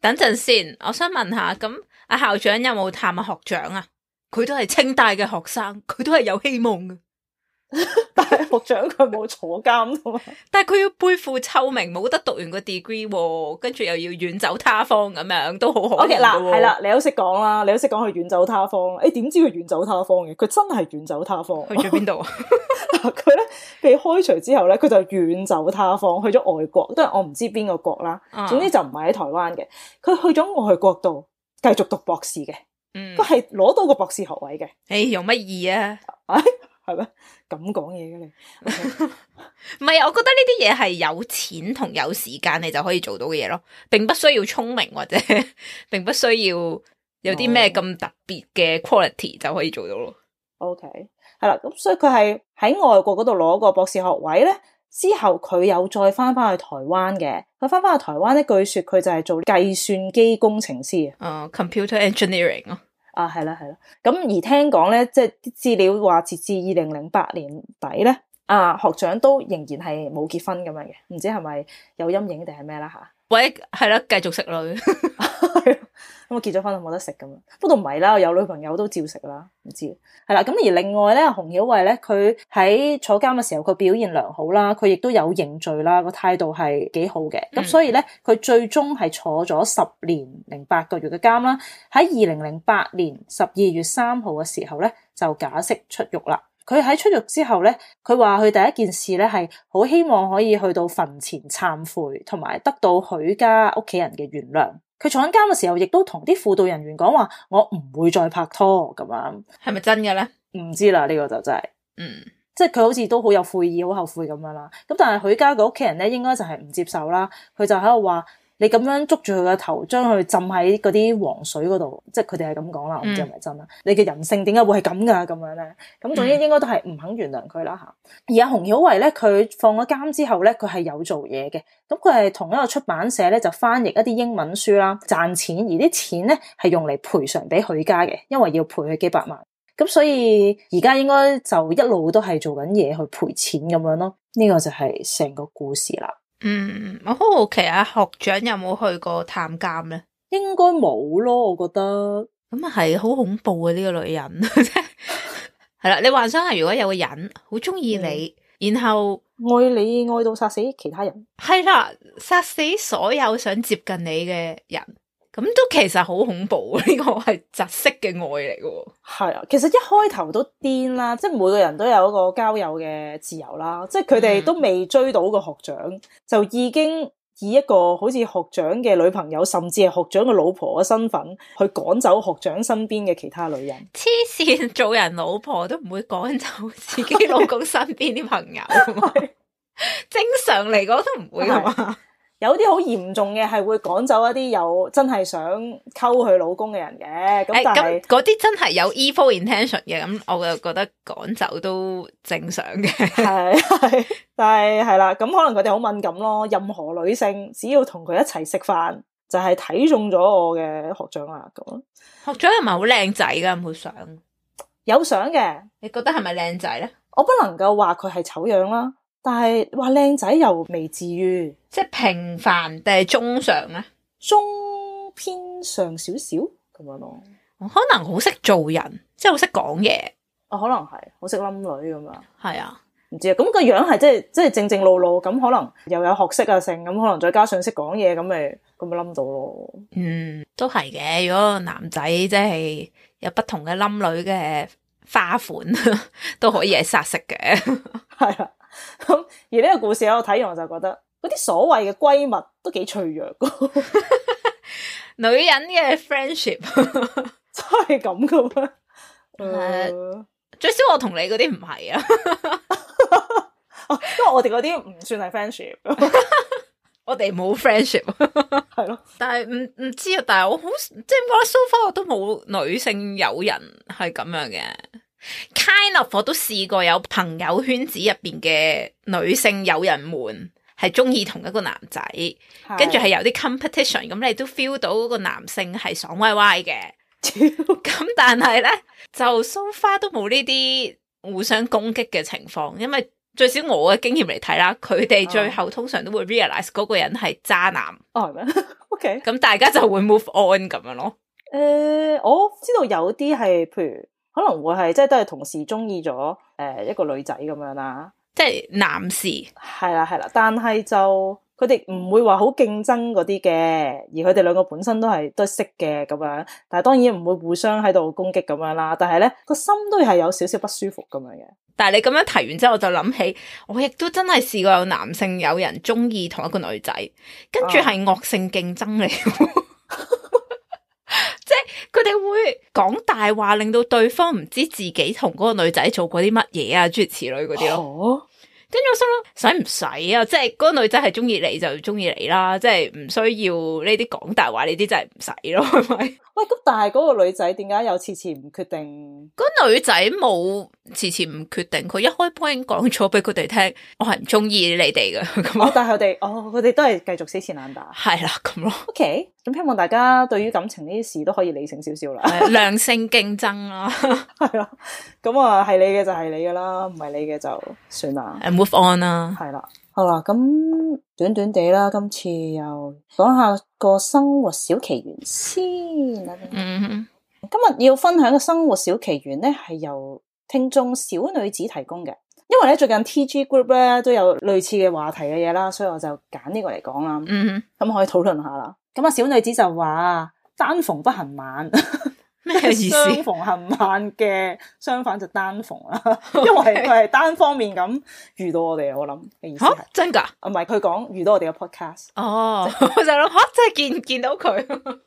等陣先，我想問下，咁阿校長有冇探阿學長啊？佢都係清大嘅學生，佢都係有希望嘅。但 大學長佢冇坐監， 但係佢要背負臭名，冇得讀完個 degree，、啊、跟住又要遠走他方咁、啊、樣，都好好、啊。O K 嗱，係啦，你都識講啦，你都識講佢遠走他方。誒，點知佢遠走他方嘅？佢真係遠走， 走他方。去咗邊度？佢咧 被開除之後咧，佢就遠走他方，去咗外國，都係我唔知邊個國啦。總之就唔係喺台灣嘅。佢去咗外國度繼，繼續讀博士嘅。嗯，佢係攞到個博士學位嘅。誒，用乜意啊？係咩？咁講嘢嘅你，唔係、okay. 我覺得呢啲嘢係有錢同有時間你就可以做到嘅嘢咯，並不需要聰明或者， 並不需要有啲咩咁特別嘅 quality 就可以做到咯。OK，係啦，咁所以佢係喺外國嗰度攞個博士學位咧，之後佢有再翻翻去台灣嘅，佢翻翻去台灣咧，據說佢就係做計算機工程師，啊、uh, computer engineering 啊。啊，係啦，係啦，咁而聽講咧，即係啲資料話截至二零零八年底咧，啊學長都仍然係冇結婚咁樣嘅，唔知係咪有陰影定係咩啦吓？喂，係啦，繼續食女。 咁啊，結咗婚就冇得食咁啊，不過唔係啦，有女朋友都照食啦，唔知係啦。咁而另外咧，洪曉慧咧，佢喺坐監嘅時候，佢表現良好啦，佢亦都有認罪、嗯、啦，個態度係幾好嘅。咁所以咧，佢最終係坐咗十年零八個月嘅監啦。喺二零零八年十二月三號嘅時候咧，就假釋出獄啦。佢喺出獄之後咧，佢話佢第一件事咧係好希望可以去到墳前懺悔，同埋得到許家屋企人嘅原諒。佢坐緊監嘅時候，亦都同啲輔導人員講話：我唔會再拍拖咁樣，係咪真嘅咧？唔知啦，呢個就真係，嗯，即係佢好似都好有悔意，好後悔咁樣啦。咁但係許家嘅屋企人咧，應該就係唔接受啦。佢就喺度話。你咁樣捉住佢個頭，將佢浸喺嗰啲黃水嗰度，即係佢哋係咁講啦，我唔知係咪真啦？嗯、你嘅人性點解會係咁噶？咁樣咧，咁總之應該都係唔肯原諒佢啦吓。而阿洪曉慧咧，佢放咗監之後咧，佢係有做嘢嘅。咁佢係同一個出版社咧，就翻譯一啲英文書啦，賺錢。而啲錢咧係用嚟賠償俾許家嘅，因為要賠佢幾百萬。咁所以而家應該就一路都係做緊嘢去賠錢咁樣咯。呢、這個就係成個故事啦。嗯，我好好奇啊，學長有冇去過探監咧？應該冇咯，我覺得咁啊，係好恐怖嘅，呢個女人，係 啦。 你幻想下，如果有個人好中意你，嗯、然後愛你愛到殺死其他人，係啦，殺死所有想接近你嘅人。咁都其實好恐怖，呢個係窒息嘅愛嚟嘅。係啊，其實一開頭都癲啦，即係每個人都有一個交友嘅自由啦。即係佢哋都未追到個學長，嗯、就已經以一個好似學長嘅女朋友，甚至係學長嘅老婆嘅身份，去趕走學長身邊嘅其他女人。黐線，做人老婆都唔會趕走自己老公身邊啲朋友， 是 正常嚟講都唔會係嘛。有啲好嚴重嘅係會趕走一啲有真係想溝佢老公嘅人嘅，咁但係嗰啲真係有 evil intention 嘅，咁我就覺得趕走都正常嘅。 係係，但係係啦，咁、嗯、可能佢哋好敏感咯。任何女性只要同佢一齊食飯，就係、是、睇中咗我嘅學長啦。咁學長係咪好靚仔噶？有冇相，有相嘅，你覺得係咪靚仔咧？我不能夠話佢係醜樣啦。但係話靚仔又未至於，即係平凡定係中上咧、啊？中偏上少少咁樣咯。可能好識做人，即係好識講嘢。我、啊、可能係好識冧女咁啊。係啊，唔知啊。咁個樣係即係即係正正路路咁，可能又有學識啊，性，咁可能再加上識講嘢，咁咪咁咪冧到咯。嗯，都係嘅。如果男仔即係有不同嘅冧女嘅花款， 都可以係殺食嘅。係 啦。咁而呢個故事我睇完，我就覺得嗰啲所謂嘅閨蜜都幾脆弱噶，女人嘅 friendship 真係咁噶咩？最少我同你嗰啲唔係啊，因為我哋嗰啲唔算係 friendship，我哋冇 friendship 係咯。但係唔唔知啊，但係我好即係點覺得 so far 都冇女性友人係咁樣嘅。Kind of 我都試過有朋友圈子入邊嘅女性友人們係中意同一個男仔，跟住係有啲 competition，咁你都 feel 到嗰個男性係爽歪歪嘅。咁 但係咧，就 so far 都冇呢啲互相攻擊嘅情況，因為最少我嘅經驗嚟睇啦，佢哋最後通常都會 realize 嗰個人係渣男。哦，oh，係咩？OK，咁大家就會 move on 咁樣咯。誒，uh, 我知道有啲係譬如。可能會係即係都係同時中意咗，誒一個女仔咁樣啦，即係男士係啦係啦，但係就佢哋唔會話好競爭嗰啲嘅，而佢哋兩個本身都係都識嘅咁樣，但係當然唔會互相喺度攻擊咁樣啦。但係咧個心都係有少少不舒服咁樣嘅。但係你咁樣提完之後我，我就諗起我亦都真係試過有男性友人中意同一個女仔，跟住係惡性競爭嚟。啊 佢哋會講大話，令到對方唔知自己同嗰個女仔做過啲乜嘢啊，諸如此類嗰啲咯。哦跟住我心諗使唔使啊？即係嗰個女仔係中意你就中意你啦，即係唔需要呢啲講大話呢啲真係唔使咯，係咪？喂，咁但係嗰個女仔點解有遲遲唔決定？嗰女仔冇遲遲唔決定，佢一開 point 講咗俾佢哋聽，我係唔中意你哋噶。咁、哦、但係我哋，哦，佢哋都係繼續死纏爛打。係啦、啊，咁咯。OK，咁希望大家對於感情呢啲事都可以理性少少啦，兩性競爭啦，係咯。咁啊，係、啊 啊、你嘅就係你噶啦，唔係你嘅就算啦。m 啦，係啦， 好啦，咁、嗯、短短地啦，今次又講下個生活小奇懸先。等等嗯哼，今日要分享嘅生活小奇懸咧，係由聽眾小女子提供嘅，因為咧最近 TG Group 咧都有類似嘅話題嘅嘢啦，所以我就揀呢個嚟講啦。嗯哼，咁可以討論下啦。咁啊，小女子就話單逢不行晚。 咩意思？相逢恨晚嘅相反就單逢啦，Okay. 因為佢係單方面咁遇到我哋。我諗、 啊、真噶？唔係佢講遇到我哋嘅 podcast 哦，就是、他他我就諗吓，即係見見到佢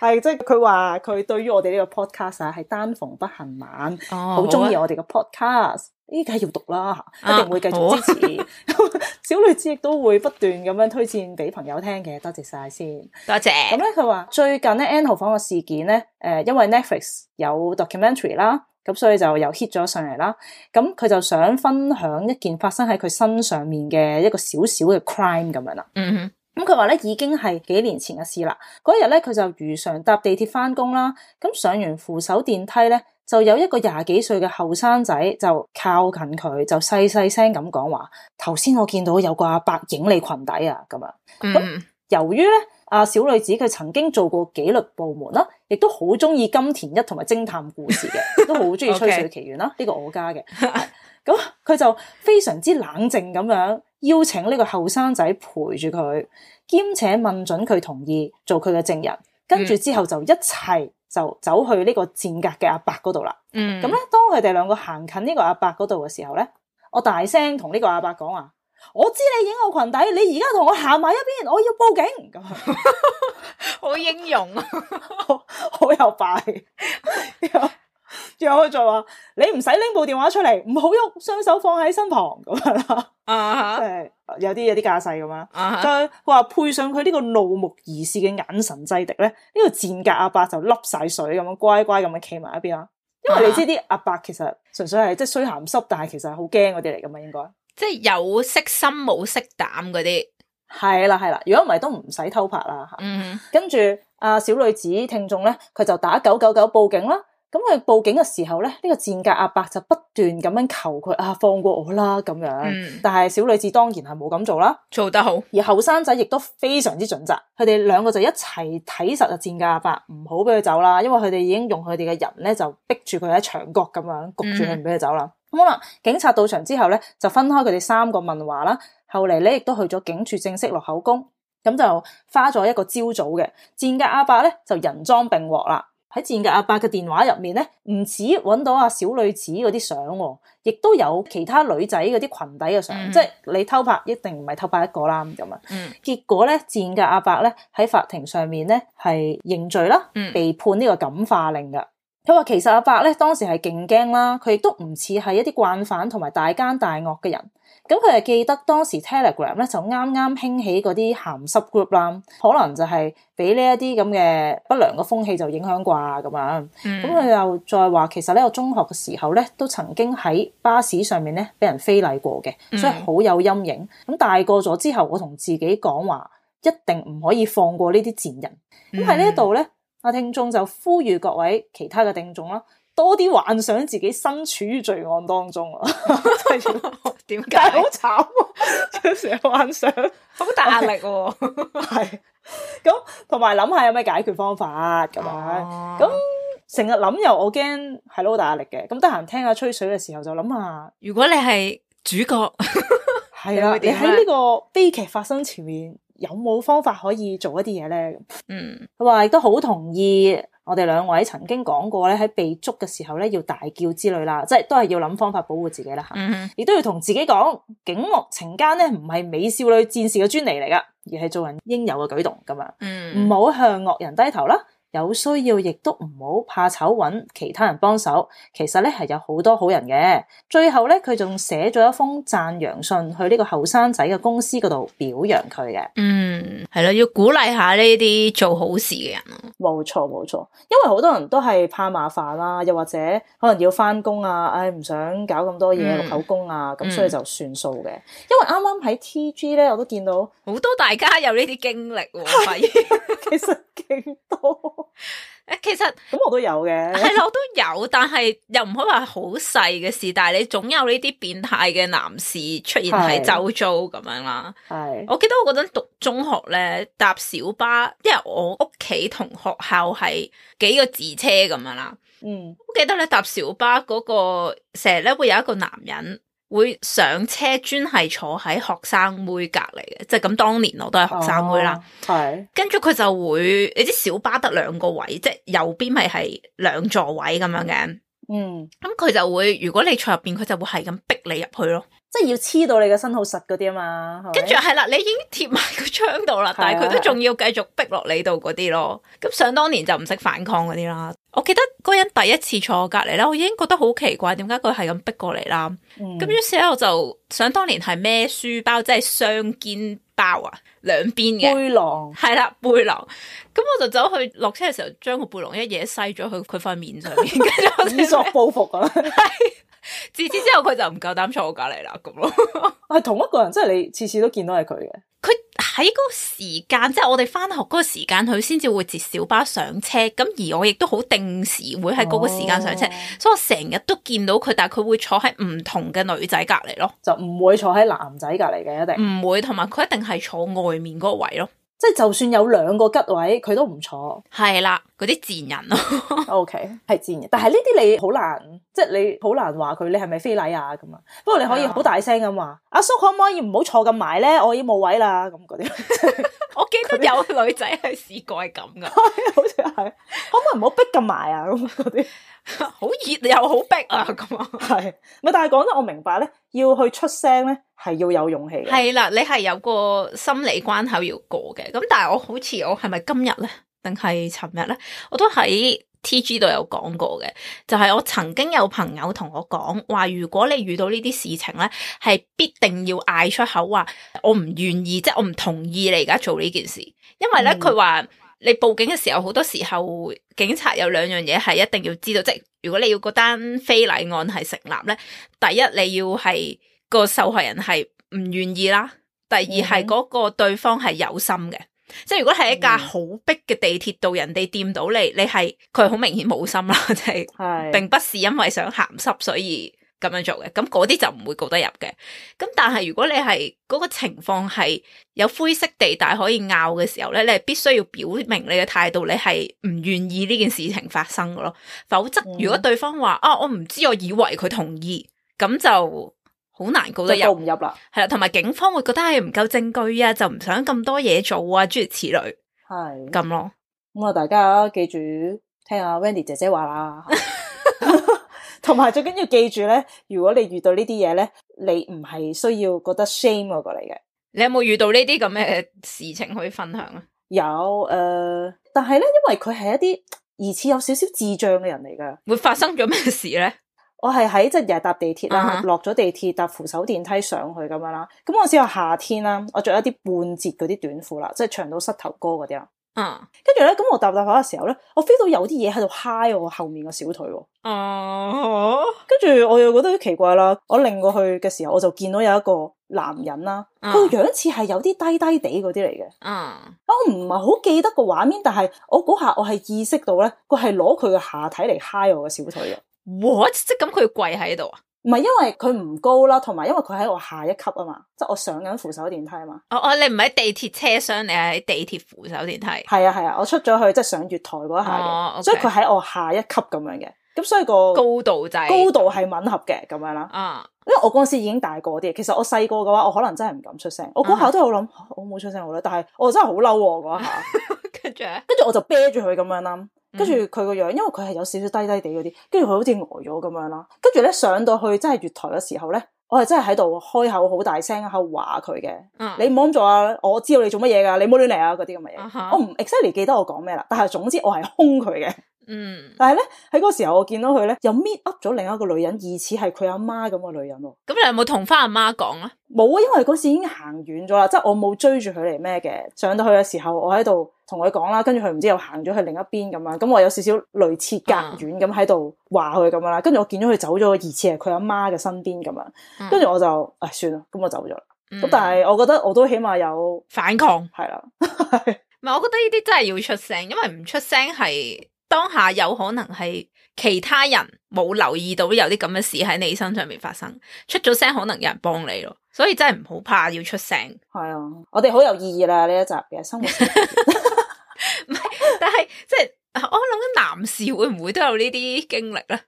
係即係佢話佢對於我哋呢個 podcast 係單逢不幸晚，好中意我哋嘅 podcast。Oh. 依家要讀啦，我、啊、一定會繼續支持。好 小女子亦都會不斷咁樣推薦俾朋友聽嘅，多謝晒先。多謝。咁咧佢話最近咧，N 號房嘅事件咧，誒，因為 Netflix 有 documentary 啦，咁所以就又 hit 咗上嚟啦。咁佢就想分享一件發生喺佢身上面嘅一個小小嘅 crime 咁樣啦。嗯哼。咁佢話咧已經係幾年前嘅事啦。嗰日咧，佢就如常搭地鐵翻工啦。咁上完扶手電梯咧，就有一個廿幾歲嘅後生仔就靠近佢，就細細聲咁講話：頭先我見到有個阿伯影你裙底啊咁樣。咁由於咧，阿小女子佢曾經做過紀律部門啦，亦都好中意金田一同埋偵探故事嘅，都好中意吹水奇緣啦。呢、這個我家嘅，咁、嗯、佢、嗯、就非常之冷靜咁樣，邀請呢個後生仔陪住佢，兼且問准佢同意做佢嘅證人，跟住之後就一齊就走去呢個賤格嘅阿伯嗰度啦。嗯，咁咧，當佢哋兩個行近呢個阿伯嗰度嘅時候咧，我大聲同呢個阿伯講話，我知你影我裙底，你而家同我行埋一邊，我要報警。咁 樣 好英勇， 好，好有霸 然後佢就話：你唔使拎部電話出嚟，唔好喐，雙手放喺身旁咁樣咯。啊，即係有啲有啲架勢咁樣。佢話配上佢呢個怒目而視嘅眼神，擠敵咧，呢個賤格阿伯就甩晒水咁樣，乖乖咁樣企埋一邊啦。因為你知啲阿伯其實純粹係即係衰鹹濕，但係其實係好驚嗰啲嚟噶嘛，應該即係有色心冇色膽嗰啲。係啦係啦，如果唔係都唔使偷拍啦吓。嗯，跟住阿小女子聽眾咧，佢就打九九九報警啦。咁佢報警嘅時候咧，呢個賤格阿伯就不斷咁樣求佢啊，放過我啦咁樣。嗯、但係小女子當然係冇咁做啦，做得好。而後生仔亦都非常之盡責，佢哋兩個就一齊睇實個賤格阿伯，唔好俾佢走啦，因為佢哋已經用佢哋嘅人咧就逼住佢喺牆角咁樣焗住佢，唔俾佢走啦。咁好啦，警察到場之後咧，就分開佢哋三個問話啦。後嚟咧亦都去咗警署正式落口供，咁就花咗一個朝早嘅賤格阿伯咧就人贓並獲啦。喺賤格阿伯嘅電話入面咧，唔止搵到阿小女子嗰啲相，亦都有其他女仔嗰啲裙底嘅相，嗯、即係你偷拍一定唔係偷拍一個啦，咁啊，樣嗯、結果咧，賤格阿伯咧喺法庭上面咧係認罪啦，嗯、被判呢個感化令嘅。佢話其實阿伯咧當時係勁驚啦，佢亦都唔似係一啲慣犯同埋大奸大惡嘅人。咁佢係記得當時 Telegram 咧就啱啱興起嗰啲鹹濕 group 啦，可能就係俾呢一啲咁嘅不良嘅風氣就影響啩咁樣。咁佢、嗯、又再話，其實咧我中學嘅時候咧都曾經喺巴士上面咧俾人非禮過嘅，所以好有陰影。咁、嗯、大個咗之後，我同自己講話，一定唔可以放過呢啲賤人。咁喺呢一度咧。嗯阿聽眾就呼籲各位其他嘅聽眾咯，多啲幻想自己身處於罪案當中 啊！點解？但係好慘啊！成日幻想，好大壓力喎、啊。係咁， 同埋諗下有咩解決方法咁樣。咁成日諗又我驚係咯，好大壓力嘅。咁得閒聽下吹水嘅時候就諗下，如果你係主角，係 啦、啊，你喺呢個悲劇發生前面。有冇方法可以做一啲嘢咧？嗯，佢話亦都好同意我哋兩位曾經講過咧，喺被捉嘅時候咧要大叫之類啦，即係都係要諗方法保護自己啦吓，亦、嗯、哼都要同自己講，警惡懲奸咧唔係美少女戰士嘅專利嚟噶，而係做人應有嘅舉動咁樣，唔好、嗯、向惡人低頭啦。有需要亦都唔好怕醜，搵其他人幫手。其實咧係有好多好人嘅。最後咧佢仲寫咗一封讚揚信去呢個後生仔嘅公司嗰度表揚佢嘅。嗯，係咯，要鼓勵下呢啲做好事嘅人冇錯冇錯，因為好多人都係怕麻煩啦、啊，又或者可能要翻工，啊，唉、哎、唔想搞咁多嘢錄、嗯、口供啊，咁、嗯、所以就算數嘅。因為啱啱喺 TG 咧，我都見到好多大家有呢啲經歷喎、啊。 其實幾多。誒，其實咁我都有嘅，係 咯，我都有，但係又唔可以話好細嘅事，但係你總有呢啲變態嘅男士出現喺周遭咁樣啦。係，我記得我嗰陣讀中學咧，搭小巴，因為我屋企同學校係幾個字車咁樣啦。嗯，我記得咧搭小巴嗰個成日咧會有一個男人，會上車專係坐喺學生妹隔離嘅。即係咁，當年我都係學生妹啦。係、哦，跟住佢就會，你知小巴得兩個位，即係右邊咪係兩座位咁樣嘅。嗯，咁佢就會，如果你坐入邊，佢就會係咁逼你入去咯，即係要黐到你嘅身好實嗰啲啊嘛，跟住係啦，你已經貼埋個窗度啦，啊、但係佢都仲要繼續逼落你度嗰啲咯。咁想當年就唔識反抗嗰啲啦，我記得嗰人第一次坐我隔籬啦，我已經覺得好奇怪，點解佢係咁逼過嚟啦？咁、嗯、於是咧，我就想當年係孭書包即係雙肩。包啊，兩邊嘅背囊係啦，背囊。咁我就走去落車嘅時候，將個背囊一嘢嘥咗佢佢塊面上面，跟住我哋作報復㗎喇。自此 之後佢就唔夠膽坐我隔籬啦，咁咯。係同一個人，即係你次次都見到係佢嘅。佢。喺嗰個時間，即係我哋翻學嗰個時間，佢先至會截小巴上車。咁而我亦都好定時會喺嗰個時間上車，oh. 所以我成日都見到佢。但係佢會坐喺唔同嘅女仔隔籬咯，就唔會坐喺男仔隔籬嘅。一定唔會，同埋佢一定係坐外面嗰個位咯。即係就算有兩個吉位，佢都唔坐。係啦，嗰啲賤人咯。O K，係賤人。但係呢啲你好難，即係你好難話佢你係咪非禮啊咁啊。不過你可以好大聲咁話：阿叔可唔可以唔好坐咁埋咧？我已經冇位啦咁嗰啲。我記得有女仔試過係咁噶好似係可唔可以唔好逼咁埋啊？咁嗰啲好熱又好逼啊咁啊，係。我但係講得我明白咧。要去出聲咧，係要有勇氣。係啦，你係有個心理關口要過嘅。咁但係我好似我係咪今日咧，定係尋日咧，我都喺 TG 度有講過嘅，就係我曾經有朋友同我講話，如果你遇到呢啲事情咧，係必定要嗌出口話，我唔願意，即係我唔同意你而家做呢件事，因為咧佢話。嗯你報警嘅時候，好多時候警察有兩樣嘢係一定要知道，即係如果你要嗰單非禮案係成立咧，第一你要係個受害人係唔願意啦，第二係嗰 Okay. 個對方係有心嘅，即係如果係一架好逼嘅地鐵度人哋掂到你，你係佢好明顯冇心啦，即係，是並不是因為想咸濕所以。咁樣做嘅，咁嗰啲就唔會告得入嘅。咁但係如果你係嗰個情況係有灰色地帶可以拗嘅時候咧，你係必須要表明你嘅態度，你係唔願意呢件事情發生嘅咯。否則如果對方話、嗯、啊，我唔知，我以為佢同意，咁就好難告得入就唔入啦。係啦，同埋警方會覺得係唔夠證據啊，就唔想咁多嘢做啊，諸如此類，係咁是咯。咁啊，大家記住聽阿 Vandy 姐姐話啦。 同埋最緊要記住咧，如果你遇到呢啲嘢咧，你唔係需要覺得 shame 我過嚟嘅。你有冇遇到呢啲咁嘅事情去分享啊？有，誒、呃，但係咧，因為佢係一啲疑似有少少智障嘅人嚟噶。會發生咗咩事咧？我係喺即係日搭地鐵啦，落咗、uh huh. 地鐵搭扶手電梯上去咁樣啦。咁我只有夏天啦，我着一啲半截嗰啲短褲啦，即係長到膝頭哥嗰啲啦。啊！跟住咧，咁我搭搭下嘅時候咧，我 feel 到有啲嘢喺度嗨我後面嘅小腿。哦，跟住、嗯嗯、我又覺得好奇怪啦。我擰過去嘅時候，我就見到有一個男人啦、啊，個、嗯、樣似係有啲低低地嗰啲嚟嘅。啊、嗯，我唔係好記得個畫面，但係我嗰下我係意識到咧，佢係攞佢嘅下體嚟嗨我嘅小腿嘅。What? 即咁佢跪喺度啊？唔係，因為佢唔高啦，同埋因為佢喺我下一級啊嘛，即係我上緊扶手電梯啊嘛。哦哦、oh, oh, okay.，你唔係喺地鐵車廂，你係喺地鐵扶手電梯。係啊係啊，我出咗去即係上月台嗰下嘅，所以佢喺我下一級咁樣嘅，咁所以個高度就係高度係吻合嘅咁樣啦。啊， 因為我嗰時已經大個啲，其實我細個嘅話，我可能真係唔敢出聲，我嗰下都好諗，我冇出聲好啦。但係我真係好嬲嗰下，跟住跟住我就啤住佢咁樣諗。跟住佢個樣，因為佢係有少少低低地嗰啲，跟住佢好似呆咗咁樣啦。跟住咧上到去真係月台嘅時候咧，我係真係喺度開口好大聲喺度話佢嘅，你唔好咁做啊！我知道你做乜嘢噶，你唔好亂嚟啊！嗰啲咁嘅嘢，嗯、我唔 exactly 記得我講咩啦，但係總之我係凶佢嘅。嗯，但係咧喺嗰個時候，我見到佢咧又 meet up 咗另一個女人，疑似係佢阿媽咁嘅女人。咁你有冇同返阿媽講啊？冇啊，因為嗰時已經行遠咗啦，即係我冇追住佢嚟咩嘅。上到去嘅時候，我喺度同佢講啦，跟住佢唔知又行咗去另一邊咁樣。咁我有少少類似隔遠咁喺度話佢咁樣啦。啊、跟住我見到佢走咗，疑似係佢阿媽嘅身邊咁樣。跟住我就誒、哎、算啦，咁我走咗啦。咁、嗯、但係我覺得我都起碼有反抗係啦。唔係是的， 我覺得呢啲真係要出聲，因為唔出聲係。當下有可能係其他人冇留意到有啲咁嘅事喺你身上面發生，出咗聲可能有人幫你咯，所以真係唔好怕要出聲。係啊，我哋好有意義啦呢一集嘅生活。唔係，但係即係我諗緊男士會唔會都有呢啲經歷咧？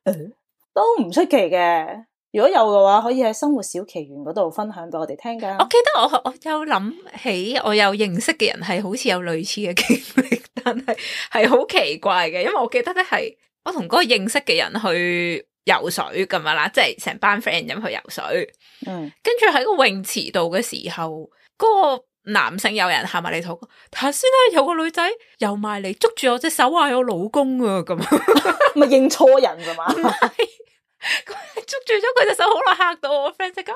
都唔出奇嘅。如果有嘅話，可以喺生活小奇懸嗰度分享俾我哋聽噶。我記得我我有諗起我有認識嘅人係好似有類似嘅經歷，但係係好奇怪嘅，因為我記得咧係我同嗰個認識嘅人去游水咁樣啦，即係成班 friend 咁去游水。嗯，跟住喺個泳池度嘅時候，嗰、嗰個男性有人喊埋嚟同，頭先咧有個女仔又埋嚟捉住我隻手話有老公啊，咁咪 認錯人咋嘛？ 捉住咗佢隻手，好耐嚇到我 friend 隻狗，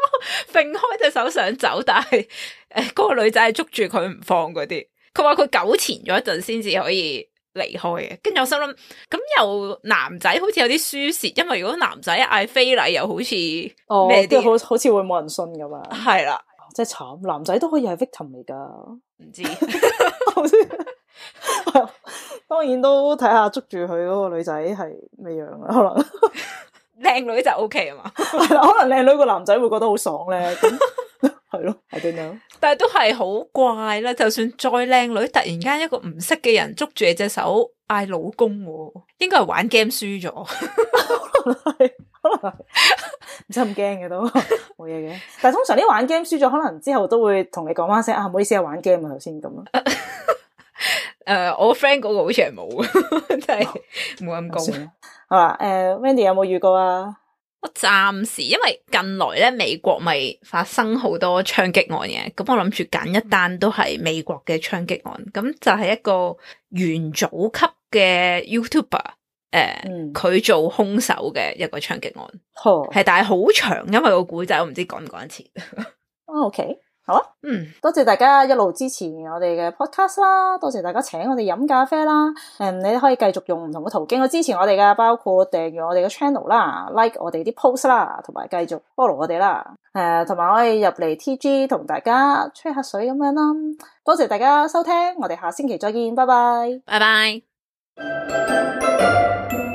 揈開隻手想走，但係誒，嗰個女仔係捉住佢唔放嗰啲。佢話佢糾纏咗一陣先至可以離開嘅。跟住我心諗，咁又男仔好似有啲輸蝕，因為如果男仔嗌非禮，又好似哦，咩都好好似會冇人信噶嘛。係啦的，真係慘，男仔都可以係 victim 嚟噶，唔知。 當然都睇下捉住佢嗰個女仔係咩樣啦，可能。 靚女就 O K 啊嘛， 可能靚女個男仔會覺得好爽咧，咁，係咯，係點樣？但係都係好怪啦，就算再靚女，突然間一個唔識嘅人捉住你隻手，嗌老公，啊，應該係玩 game 輸咗，可能係，可能唔使咁驚嘅，都冇嘢嘅。 但係通常啲玩 game 輸咗，可能之後都會同你講翻聲啊，唔好意思啊，玩 game 啊，頭先咁咯。 誒，uh, 我 friend 嗰個好似係冇， 真係冇咁高。好啦。誒、uh，Wendy 有冇遇過啊？我暫時因為近來呢，美國咪發生好多槍擊案嘅，咁我諗住揀一單都係美國嘅槍擊案，咁就係一個元祖級嘅 YouTuber，誒、呃，佢、嗯、做兇手嘅一個槍擊案，係、嗯、但係好長，因為個古仔我唔知講唔講得切。哦、okay. 嗯多，多謝大家一路支持我哋嘅 podcast 啦，多謝大家請我哋飲咖啡啦，誒、嗯，你可以繼續用唔同嘅途徑去支持我哋噶，包括訂閱我哋嘅 channel 啦，like 我哋啲 post 啦，同埋繼續 follow 我哋啦，誒、呃，同埋可以入嚟 TG 同大家吹下水咁樣啦，多謝大家收聽，我哋下星期再見，拜拜，拜拜。